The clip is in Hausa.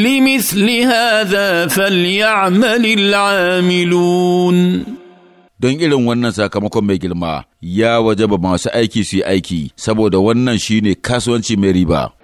لمثل هذا فليعمل العاملون don irin wannan sakamakon mai girma ya wajaba masu aiki su yi aiki saboda wannan shine kasuwanci mai riba